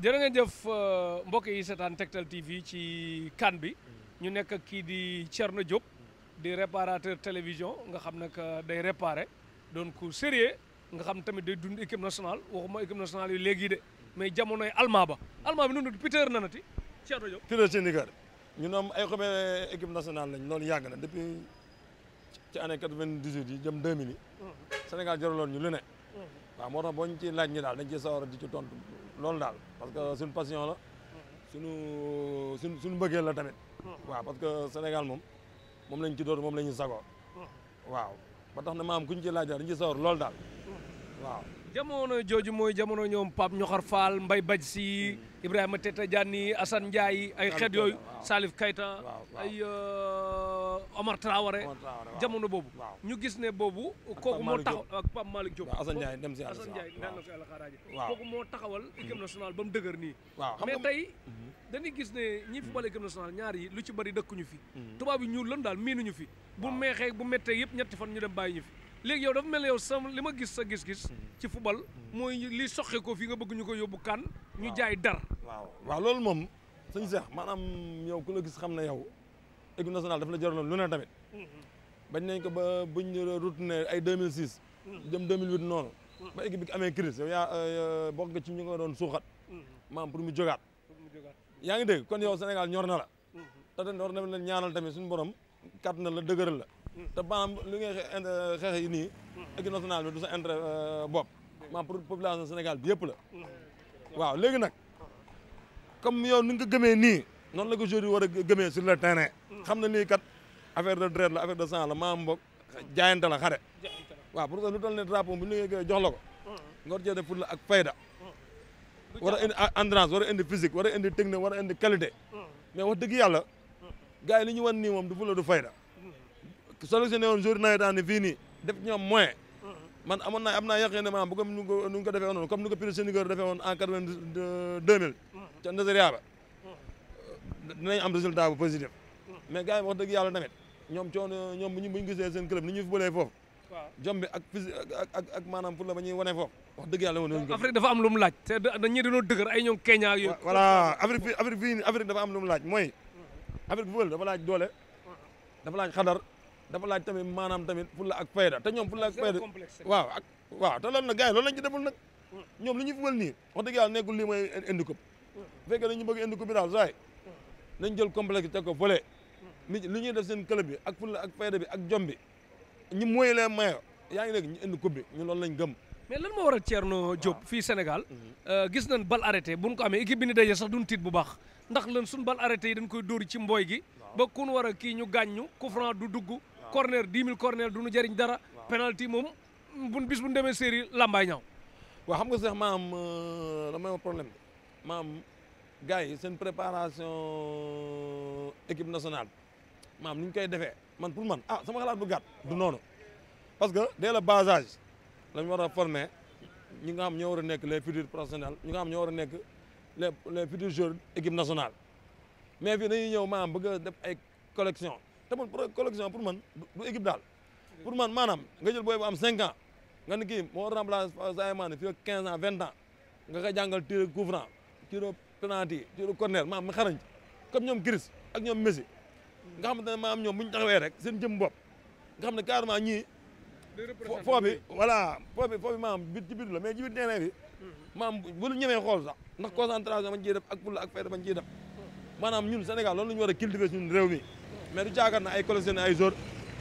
jërë ngeen jëf euh, mbokk yi seetaan Tektal TV ci kan bi mm. ñu nekk kii di na Diop di réparateur télévision nga xam ne day réparé doon ku sérieux nga xam tamit day dund national nationale waxuma équipe nationale yi léegi de mais jamonoy almaa ba almaa bi nunu Peter ti cer Diop Peter Sénégal ñun am ay xome équipe nationale lañ loolu yàgg na depuis ci année 98 yi jëm 2000 yi mm. Sénégal jaraloon ñu lu ne mm. waaw moo tax boo ñu ci laaj ñi daal dañ ci sawar di ci tontu loolu daal parce que suñu pasion la suñu suñ suñu mbëggeel la tamit waaw parce que Sénégal moom moom lañ ci doon moom la ñu sagoo hmm. waaw ba tax na maam ku ñu ci laaj daal dañu ci loolu daal hmm. waaw jamono jooju mooy jamono ñoom Pape Ñoxar faal mbay Baj si Ibrahima Teta Diané Assane Ndiaye ay xeet yooyu Salif Keita ay euh, Omar Traoré jamono boobu ñu gis ne boobu kooku moo taxaw ak Pape Malick Diop Assane Ndiaye dem si Assane Ndiaye daan na fi àlxaaraaji kooku moo taxawal mm-hmm. équipe nationale ba mu dëgër nii mais tey mm-hmm. dañuy gis ne ñi fi bal équipe nationale ñaar yi lu ci bëri dëkkuñu fi mm-hmm. tubaab yi ñuul lan daal miinuñu fi bu meexee bu méttee yëpp ñetti fan ñu dem bàyyi ñu fi léegi yow dafa mel ne yow sama li ma gis sa gis-gis. Hmm. ci football. Hmm. mooy li soxe ko fii nga bëgg ñu ko yóbbu kan ñu jaay dar. waaw waaw loolu moom. sëñ Cheikh maanaam yow ku la gis xam na yow. équipe nationale daf la jaraloon lu ne tamit. Hmm. bañ nañ ko ba buñ retourné ay 2006. jëm 2008 noonu. ba équipe bi yaa euh, euh, bokk nga ci ñu doon suuxat. maam pour mu jógaat. yaa ngi dégg kon yow Sénégal ñor na la. te na leen ñaanal tamit suñu borom kàttan na la dëgëral la. te maanaam li ngay euh, xeex yi nii. équipe nationale bi du sa intérêt euh, bopp. maanaam pour population Sénégal bi yëpp la. waaw léegi nag comme yow ni nga ko gëmee nii noonu la ko joueur yi war a sur le terrain. xam na lii kat affaire de dret la affaire de sang la maam mbokk jaayante la xare. waaw pour que lu toll ne drapeau bu ñu la jox la nga war cee def fulla ak fayda. war a indi war a indi physique war a indi technique war a indi qualité. mais wax dëgg yàlla. gars yi li ñu nii moom sélectionné woon jour nawetaan ni fii nii def ñoom moyen man amoon naa am naa yaqin ne maanaam bu ko nu ñu ko defee woon comme ni ko Pirès Sénégal defee woon en quatre-vingt-deux mille ca Ndeseriya ba dinañ am résultat bu positif mais gars yi wax dëgg yàlla tamit ñoom coono ñoom bu ñu bu ñu gisee seen club ni ñuy fubalee foofu jom bi ak physique ak ak maanaam pour la ba ñuy wanee foofu wax dëgg yàlla woon Afrique dafa am lu mu laaj te dañu dañoo dëgër ay ñoom Kenya ak yooyu voilà Afrique bi Afrique bi Afrique dafa am lu mu laaj mooy Afrique football dafa laaj doole dafa laaj xadar dafa laaj tamit maanaam tamit fulla ak fayda te ñoom fulla ak fayda waaw ak waaw te loolu nag gars yi loolu lañ hmm. ñoom li ñu fi wal wax dëgg yàlla nekkul lii mooy indi ko hmm. bu fekkee ko bi daal saay hmm. nañ jël complexe bi ko fële nit li ñuy def seen club bi ak fulla ak fayda bi ak jom bi ñu mooy lee mayo yaa ngi nekk ñu indi ko ñu loolu lañ gëm mais lan moo waral Thierno Diop fii Sénégal euh, gis nañ bal arrêté buñ ko amee équipe bi ni dajee sax duñ bu baax ndax lan suñ bal arrêté yi dañ koy dóori ci mbooy gi ba kun war a kii ñu gàññu coup franc du dugg corner 10 000 corner du ñu jëriñ dara. waaw penalty moom buñ bis bu ñu demee série làmbaay ñaaw. waaw xam nga sax maam la euh, am problème maam gars yi seen préparation euh, équipe nationale maam ni ñu koy defee man pour man a ah, sama xalaat bu gàtt. du noonu parce que dès le bas âge la ñu war a former ñi nga xam ñoo war a nekk les futurs professionnels ñi nga xam ñoo war a nekk les les futurs joueurs équipe nationale mais fii dañuy ñëw maam bëgg def ay collection. te man collection pour man du équipe daal pour man maanaam nga jël booy bu am 5 ans nga ni kii moo remplacé Sadio Mané fii ak 15 ans 20 ans nga ko jàngal tir coup franc tir penalty tir corner maam mi xarañ ci comme ñoom Chris ak ñoom Messi nga xamante ne ñoom bu ñu taxawee rek seen jëm bopp nga xam ne carrément ñii. foo bi voilà foo maam bit ci biir la mais ci biir maam bu ñu ñemee xool sax ndax concentration bañ ciy def ak fulla ak fayda bañ ciy def maanaam ñun Sénégal loolu la ñu war a réew mi mais du jaagar na ay collectionneur ay joueurs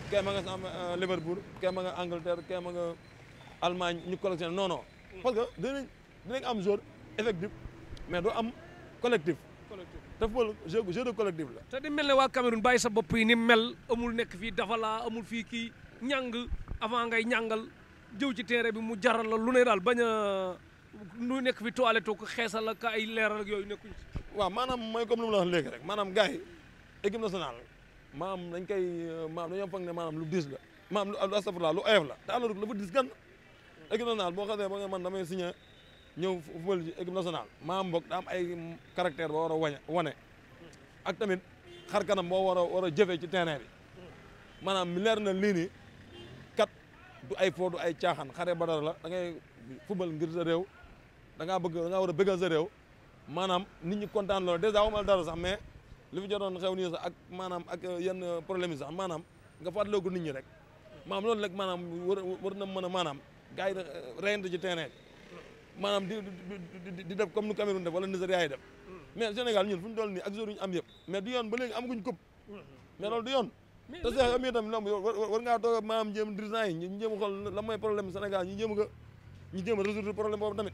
kee ma nga am euh, Liverpool kee ma nga Angleterre kee ma nga ñu collectionné non non. Hmm. parce que dinañ dinañ am joueur effectif mais doo am collectif. te football jeu jeu de collectif la. te di mel ne waa Cameroun bàyyi sa bopp yi ni mel amul nekk fii dafa laa amul fii kii ñàng avant ngay ñàngal jëw ci terrain bi mu jaral la lu ne daal bañ a nu nekk fi toilette ko xeesal ak ay leeral ak yooyu nekkuñ ci. waaw maanaam mooy comme lu la wax rek maanaam gars yi équipe maam dañ koy euh, maam dañoo foog ne maanaam lu diis la maam lu astafurlah lu oyof la te alors que dafa diis gan équipe nationale boo xasee ba nga man damay signé ñëw football ji équipe nationale maam boog daa ay caractère boo war a wañe wane ak tamit xar kanam boo war a war a jëfee ci terrain bi maanaam mi na lii ni kat du ay foo du ay caaxaan xare ba la da ngay football ngir sa rew da ngaa bëgg da ngaa war a bëggal sa réew maanaam nit ñi kontaan loolu dèjà waxuma dara sax mais li fi jotoon xew nii sax ak maanaam ak euh, yenn euh, problème sax maanaam nga fàttaloo ko nit ñi rek maanaam loolu rek maanaam war war na mën a maanaam gars yi euh, reyante ci terrain maanaam di di def comme nu Cameroun def wala Nigéria yi def mais Sénégal ñun fu ñu toll nii ak joueurs ñu am yëpp mais du yoon ba léegi amaguñ coupe mais loolu du yoon te Cheikh am itam lamb war ngaa toog maanaam jéem dirigeant yi ñu jéem a xool la mooy problème Sénégal ñu a ñu jéem a résoudre problème boobu tamit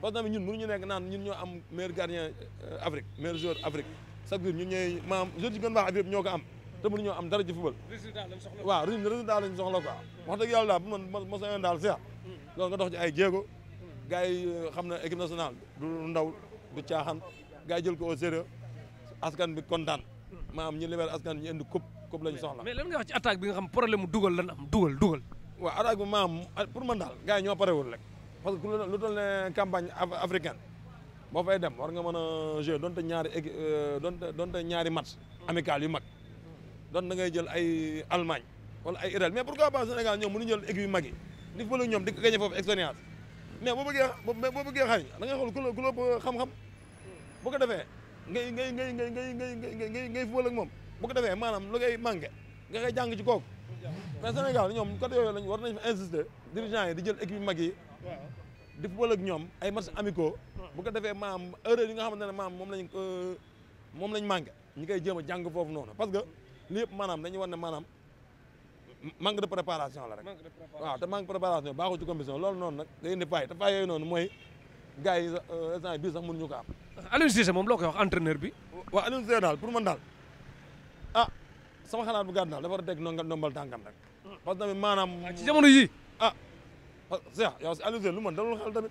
parce tamit ñun mënuñu nekk naan ñun ñoo am meilleur gardien Afrique meilleur joueur Afrique chaque jour ñun ñooy maam jeunes yi gën baax affaire bi ñoo ko am te mënu ñoo am dara ci football waaw résultat lañ soxla quoi wax dëgg yàlla daal ma sañoon daal seex loolu nga dox ci ay jéego gars yi xam ne équipe nationale du ndaw du caaxaan gars yi jël ko au sérieux askan bi kontaan maam ñu libéré askan ñu indi coupe coupe lañ soxla mais lan nga wax ci attaque bi nga xam problème mu dugal lan am dugal dugal waaw attaque bi maam pour man daal gars yi ñoo parewul rek parce que lu toll ne campagne africaine boo fay dem war nga mën a jouer donte ñaari euh, donte donte ñaari match amical yu mag donte da ngay jël ay Allemagne wala ay Italie mais pourquoi pas Sénégal ñoom mënu jël équipe yu mag yi di fa la ñoom di ko gagné foofu expérience mais boo bëggee mais boo bëggee xañ da ngay euh, xam-xam bu ko defee ngay ngay ngay ngay ngay ngay ngay ngay football ak moom bu ko defee maanaam lu ngay manqué nga koy ci kooku mais Sénégal ñoom côté yooyu lañ war nañ fa insister dirigeants yi di jël équipe yu mag yi di football ak ñoom ay match amiko bu ko defee maam erreur yi nga xamante ne maam moom lañ euh, moom lañ ñi koy jéem a jàng foofu noonu parce que li yëpp maanaam dañuy war ne maanaam manque de préparation la rek waaw te manque préparation baaxul ci commission loolu noonu nag day indi faay te faay yooyu noonu mooy gars yi euh, instant bii sax mënuñu ko am Aliou Cissé moom loo koy wax entraîneur bi waaw Aliou Cissé daal pour man daal ah sama xalaat bu gàtt daal dafa war a teg nonga ndombal tànkam rek parce que tamit maanaam ah, ci jamono yii ah, a Cheikh yow si lu man dalul xel tamit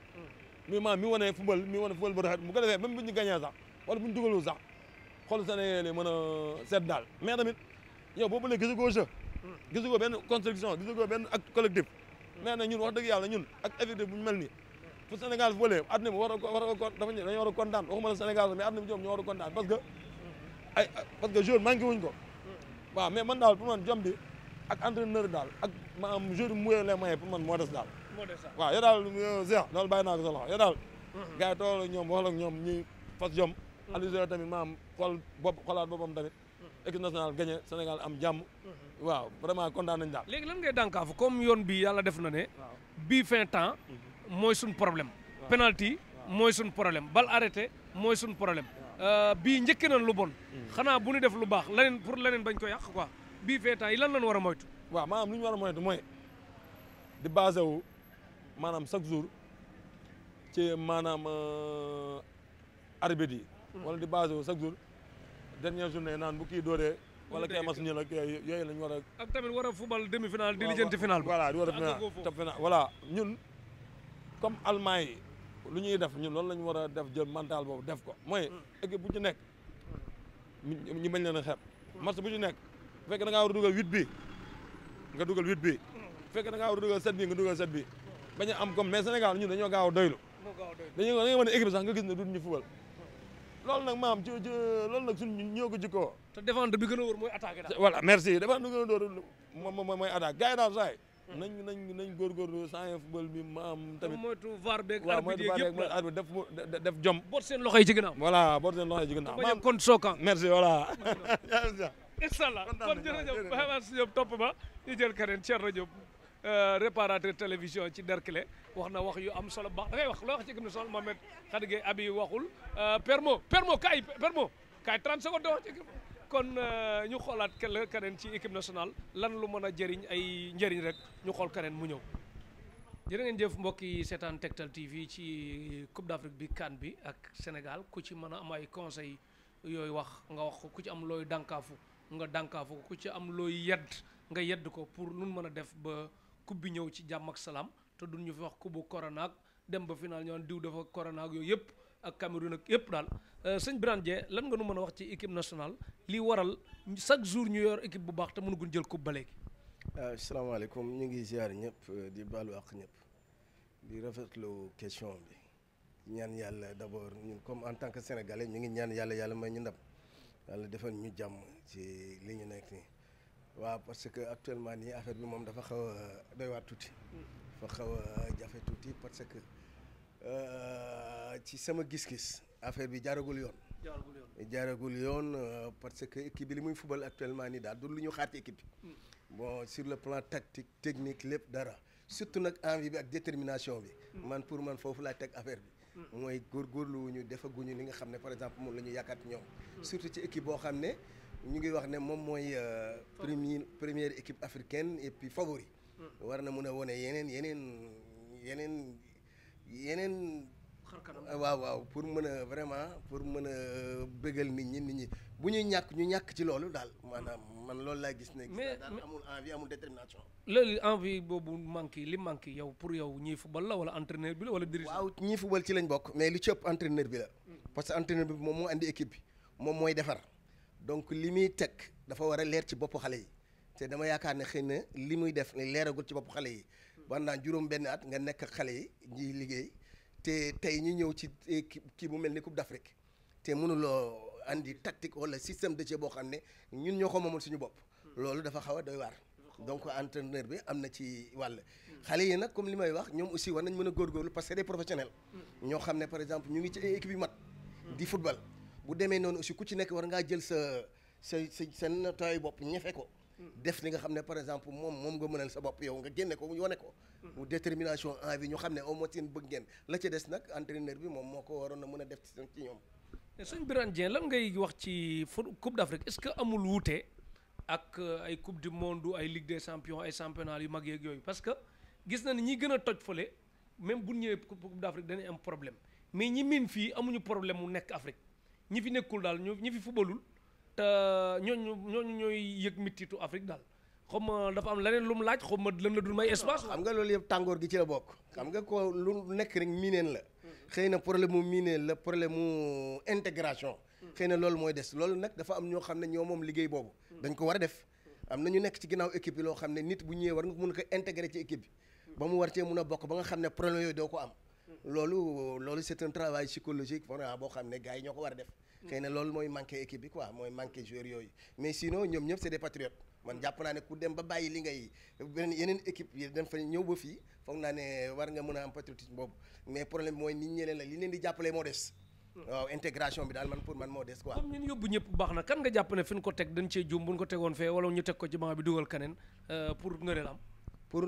mi maam mi wane football mi wane football bu rafet bu ko defee même bu ñu gagné sax wala bu ñu dugalul sax xool Sénégal yi mën a seet daal mais tamit yow boobu léegi gisu goo jeu gisu goo benn construction gisu goo benn ak collectif mais nag ñun wax dëgg yàlla ñun ak effectif bu ñu mel ni fu Sénégal footballee adduna bi war a war a dafa dañoo war a kontaan waxuma la Sénégal mais adduna bi ñoom ñoo war a kontaan parce que ay parce que wuñ ko waaw man daal pour man jom bi ak entraîneur daal ak maanaam joueur bi mu wéyoo les moyens pour man moo des daal waaw yow daal Géant loolu bàyyi naa ko sa loxo yow daal mhm. gars yi tool ak ñoom wax la ak ñoom ñuy fas jom mhm. allusion tamit maam xool bopp xoolaat boppam tamit mhm. équipe nationale gagné Sénégal am jàmm waaw vraiment kontaan nañ daal léegi lan ngay dànkaafu comme yoon bi yàlla def na ne bii fin temps mooy suñ problème penalty mooy suñ problème bal arrêté mooy suñ problème euh, bii njëkk lu bon xanaa bu ñu def lu baax leneen pour leneen bañ ko yàq quoi bii fin temps yi lan lañ war a moytu war a maanaam chaque jour ci maanaam euh, arbitre yi hmm. wala di basé wu chaque jour dernière journée naan bu kii dooree wala kay mas ñu nag yooyu lañu lañ war ak tamit war a football demi final di final voilà di war a ñun comme Allemagne yi lu ñuy def ñun loolu lañu ñu war a def jël mantaal boobu def ko mooy hmm. équipe bu ci nekk ñu bañ leen a xeeb hmm. match bu ci nekk bu fekkee na ngaa war a dugal huit bi nga dugal huit bi bu fekkee da ngaa war dugal sept nga dugal sept bi bañ a am gomme mais Sénégal ñun dañoo gaaw a doylu dañu da ngay mën a équipe sax nga gis ne duñ ñu fubal loolu nag maam ci loolu nag suñ ñoo ko jikkoo te bi gën a wóor mooy attaque daal voilà merci défendre bi gën a dóor moom mooy attaque gars nañ nañ nañ góorgóorlu saa football bi maam tamit moytu def jom. boot seen loxo yi ci ginnaaw. voilà boot seen loxo yi ci ginnaaw. maam compte sookan. merci voilà. incha allah kon jërëjëf Baye Mansour Diop topp ba Euh, réparateur télévision ci Derklé wax na wax yu am solo baax da ngay wax loo wax ci gëm na solo Mohamed Khady abi waxul euh, permo permo kaay permo kaay 30 secondes wax ci kon euh, ñu xoolaat kenn keneen ci équipe nationale lan lu mën a jariñ ay njëriñ rek ñu xool keneen mu ñëw jërë ngeen jëf mbokk yi seetaan Tektal TV ci Coupe d'Afrique bi CAN bi ak Sénégal ku ci mën a am ay conseil yooyu wax nga wax ku ci am looy dànkaafu nga dànkaafu ku ci am looy yedd nga yedd ko pour nun mën a def ba coupe bi ñëw ci jàmm ak salaam te du ñu fi wax coupe bu corona ak dem ba final ñoo diw dafa corona ak yooyu yëpp ak Cameroun ak yëpp daal euh, sëñ Birane Dieng lan nga nu mën a wax ci équipe national li waral chaque jour ñu yor équipe bu baax te mënu guñ jël coupe ba léegi. waaw euh, asalaamaaleykum ñu ngi ziar ñëpp di baalu wax ñëpp di rafetlu question bi. ñaan yàlla d'abord ñun comme en tant que sénégalais ñu ngi ñaan yàlla yàlla may ñu ndam yàlla defal ñu jàmm ci li ñu nekk nii waaw parce que actuellement nii affaire bi moom dafa xaw a euh, doy tuuti. dafa xaw a jafe tuuti parce que euh, ci sama gis-gis affaire bi jaaragul yoon. jaaragul yoon jaaragul yoon euh, parce que équipe bi li muy fubal actuellement nii daal du lu ñu xaar ci équipe bi. Mm. sur le plan tactique technique lépp dara surtout nag envie bi ak détermination bi. Mm. man pour man foofu laa teg affaire bi. Mm. mooy góorgóorlu wu ñu defaguñu li nga xam ne par exemple moom la ñu yaakaat ñoom. surtout ci boo xam ne. ñu ngi wax ne moom mooy euh, première première équipe africaine et puis favori mm. war na mun a wone yeneen yeneen yeneen yeneen ah, waaw waaw pour mën a vraiment pour mën a bégal nit ñi nit ñi bu ñuy ñàkk ñu ñàkk ci loolu daal maanaam man loolu laa gis ne mais amul envie amul détermination loolu envie boobu manqué li manqué yow pour yow ñii football la wala entraîneur bi la wala dirigeant waaw ñii football ci lañ bokk mais li ci ëpp entraîneur bi la mm. parce que entraîneur bi moom moo andi équipe bi moom mooy defar donc li muy teg dafa war a leer ci bopp xale yi te dama yaakaar ne xëy na li muy def ne leeragul ci bopp xale yi war naa juróom benn at nga nekk xale yi ñuy liggéey te tey ñi ñëw ci eh, kii bu mel ni Coupe d'Afrique te mënuloo andi tactique wala système de jeu boo xam ne ñun ñoo ko moomul suñu bopp loolu dafa xaw a doy waar donc entraîneur bi am na ci wàll xale yi nag comme li may wax ñoom aussi war nañ mën a góorgóorlu parce que des professionnels mm. ñoo xam ne par exemple ñu ngi ci équipe yu di football bu demee noonu aussi ku ci nekk war ngaa jël sa sa sa seen nataayu bopp ñefe ko. def li nga xam ne par exemple moom moom nga mënal sa bopp yow nga génne ko yone ko. mu détermination envie ñu xam ne au moins bëgg ngeen la ca des nag entraîneur bi moom moo ko waroon a mën a def ci ci ñoom. sëñ Birane Dieng lan ngay wax ci Coupe d'Afrique est-ce que amul wuute ak euh, ay Coupe du Monde ay Ligue des Champions ay championnat yu mag yeeg yooyu parce que gis na ni ñi gën a toj fële même bu ñëwee Coupe d'Afrique danañ am problème mais ñi miin fii amuñu problème mu nekk Afrique. ñi fi nekkul daal ñu ñi fi fubalul te euh, ñooñu ñooñu ñooy yëg mititu Afrique daal xam ma dafa am leneen lu mu laaj xam ma lan la du may espace. xam nga loolu yëpp tàngoor gi ci la bokk. xam nga ko lu nekk rek miineen la. xëy na problème mu miineen la problème mu xëy na loolu mooy des loolu nag dafa am ñoo xam ne ñoo moom liggéey boobu. dañ ko war a def. am na ñu nekk ci ginnaaw équipe yi loo xam ne nit bu ñëwee war nga mun ko intégrer ci équipe bi. ba mu war cee mun a ne problème yooyu doo ko am. loolu loolu c'est un travail psychologique boo xam ne gars yi ñoo ko war a def. xëy na loolu mooy manqué équipe bi quoi mooy manqué joueur yooyu mais sinon ñoom ñëpp c'est des patriotes man jàpp naa ne ku dem ba bàyyi li ngay beneen yeneen équipe yi dañ fa ñëw ba fii foog naa ne war nga mën a am patriotisme boobu mais problème mooy nit ñi leen la li leen di jàppale moo des hmm. waaw intégration bi daal man pour man moo des quoi comme ñun yóbbu ñëpp baax na kan nga jàpp ne ko teg dañ cee juum bu ñu ko tegoon fee wala ñu teg ko ci banc bi dugal keneen euh, pour ngëneel pour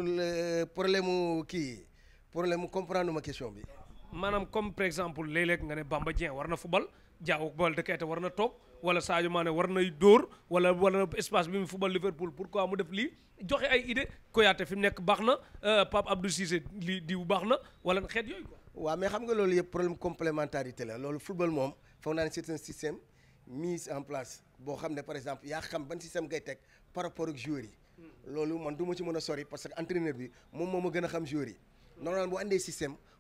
le mu kii problème mu comprendre bi maanaam comme exemple léeg-léeg nga ne Bamba Dieng war na football Diao Baldé Keita war na toog wala Sadio Mané war nay dóor wala wala espace bi mu football Liverpool pourquoi mu def lii joxe ay idée Koyaté fi mu nekk baax na euh, pap Abdou Cissé lii diw baax na wala xeet yooyu quoi. waaw xam nga loolu yëpp problème complémentarité la loolu football moom foog naa ne c'est un système mis en place boo xam ne par exemple yaa xam ban système ngay teg par rapport ak joueurs yi. Hmm. loolu man du ma ci mën a sori parce que entraîneur bi moom moo ma gën a xam joueurs yi. normalement bu andee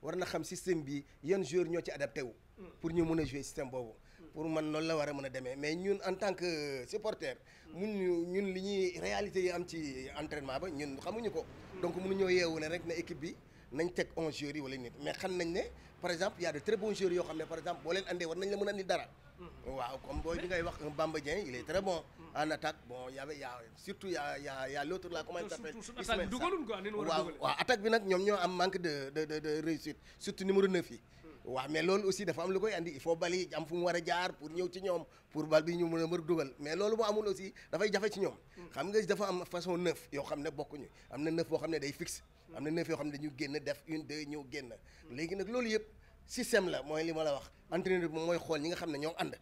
war na xam système bi yan joueurs ñoo ci adapté wu. pour ñu mun a jouer système boobu. pour man loolu la war a mën a demee mais ñun en tant que supporter. mu ñu ñun li ñuy réalité yi am ci entraînement ba ñun xamuñu ko. donc mënuñoo yeewu ne rek na équipe bi. nañ teg on joueurs yi wala nit mais xam nañ ne par exemple y a de très bons joueurs yoo xam ne par exemple boo leen andee war nañ la mën a andi dara. Mm-hmm. waaw comme booy bi wax Bamba Dieng il est très bon. Mm-hmm. en attaque y avait y a surtout y a a a l'autre là bi nag ñoom ñoo am manque de de de de surtout numéro 9 yi. Mm. waaw mais loolu aussi dafa am lu koy andi il faut bali am fu mu war a jaar pour ñëw ci ñoom pour bal bi ñu mën a mën dugal mais loolu mu amul aussi dafay jafe ci ñoom. Mm. xam nga dafa am façon neuf yoo xam ne bokkuñu am na neuf boo am na neuf yoo xam ne dañu génn def une deux ñëw génn. léegi nag loolu yëpp système la mooy li ma la wax entraîneur bi moom mooy xool ñi nga xam ne ñoo ànd.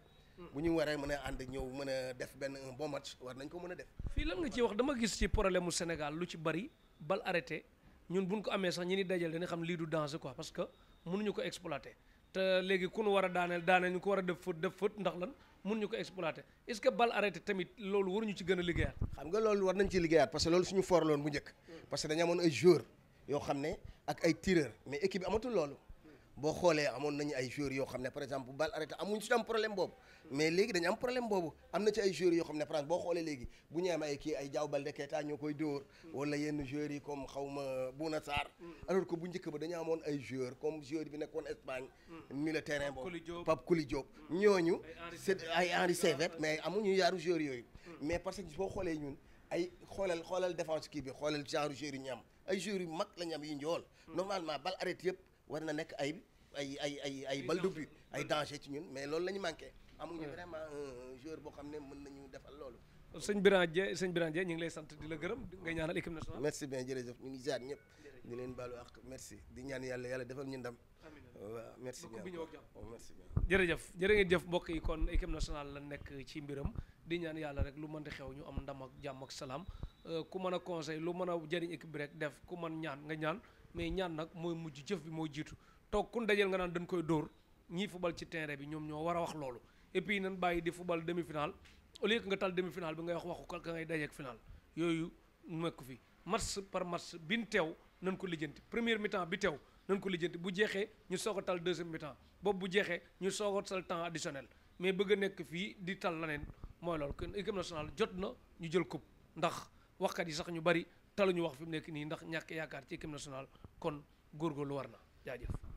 bu ñu waree mën a ànd ñëw mën a def benn un bon match war nañ ko mën a def. fii lan nga ciy wax dama gis ci problème mu Sénégal lu ci bari bal arrêté ñun buñ ko amee sax ñi ni dajal dina xam lii du danger quoi parce que mënuñu ko exploiter. te léegi ku nu war a daaneel daaneel ñu ko war a def fët def fët ndax a liggéeyaat. xam nga loolu war nañ ci liggéeyaat parce que loolu suñu forloon bu yoo xam ne ak ay tireur mais équipe bi amatul loolu boo xoolee amoon nañu ay joueurs yoo xam ne par exemple balle arrêté amuñ su am problème boobu mais léegi dañu am problème boobu am na ci ay joueurs yoo xam ne par exemple boo xoolee léegi bu ñu am ay kii ay jaaw Baldé Keita ñoo koy dóor wala yenn joueurs yi comme xaw ma Bouna bu njëkk ba dañu amoon ay joueurs comme joueur bi nekkoon Espagne milieu terrain boobu Pape Kouli Diop ñooñu c'est ay Henri Saivet mais amuñu yaaru joueurs yooyu mm. mais parce que boo xoolee ñun ay xoolal xoolal défense kii bi xoolal genre joueurs yi ñu ay joueurs yu mag la ñu am yu njool normalement bal arrêté yëpp war na nekk ay ay ay bal de ay danger ci ñun mais loolu la ñu manqué amuñu vraiment un joueur boo xam ne mën nañu defal loolu sëñ Biran Dieng sëñ Biran Dieng ñu ngi lay sant di la gërëm nga ñaanal équipe nationale merci bien jërëjëf ñu ngi jaar ñëpp ñu leen baalu ak merci di ñaan yàlla yàlla defal ñu ndam waaw merci bien merci bien jërëjëf jërë ngeen jëf mbokk yi kon équipe nationale la nekk ci mbiram di ñaan yàlla rek lu mën di xew ñu am ndam ak jàmm ak salaam euh, ku mën a conseil lu mën a jëriñ équipe bi rek def ku mën ñaan nga ñaan mais ñaan nag mooy mujj jëf bi mooy jiitu toog kun dajeel nga naan dañ koy dóor ñii fubal ci terrain bi ñoom ñoo war a wax loolu et puis bàyyi di fubal demi-finale au lieu nga tal demi-finale bi ngay wax waxu ka ngay dajeek finale yooyu nekk fi match par match bin teew nañ ko lijjanti première mi bi teew nañ ko lijjanti bu jeexee ñu soog a tal deuxième mi-temps boobu bu jeexee ñu soog a tal temps additionnel a nekk fii di tal leneen mooy loolu kon équipe nationale jot na ñu jël coupe ndax waxkat yi sax ñu bari ñu wax fi mu nekk nii ndax ñàkk yaakaar ci équipe nationale kon góorgóorlu war na jaajëf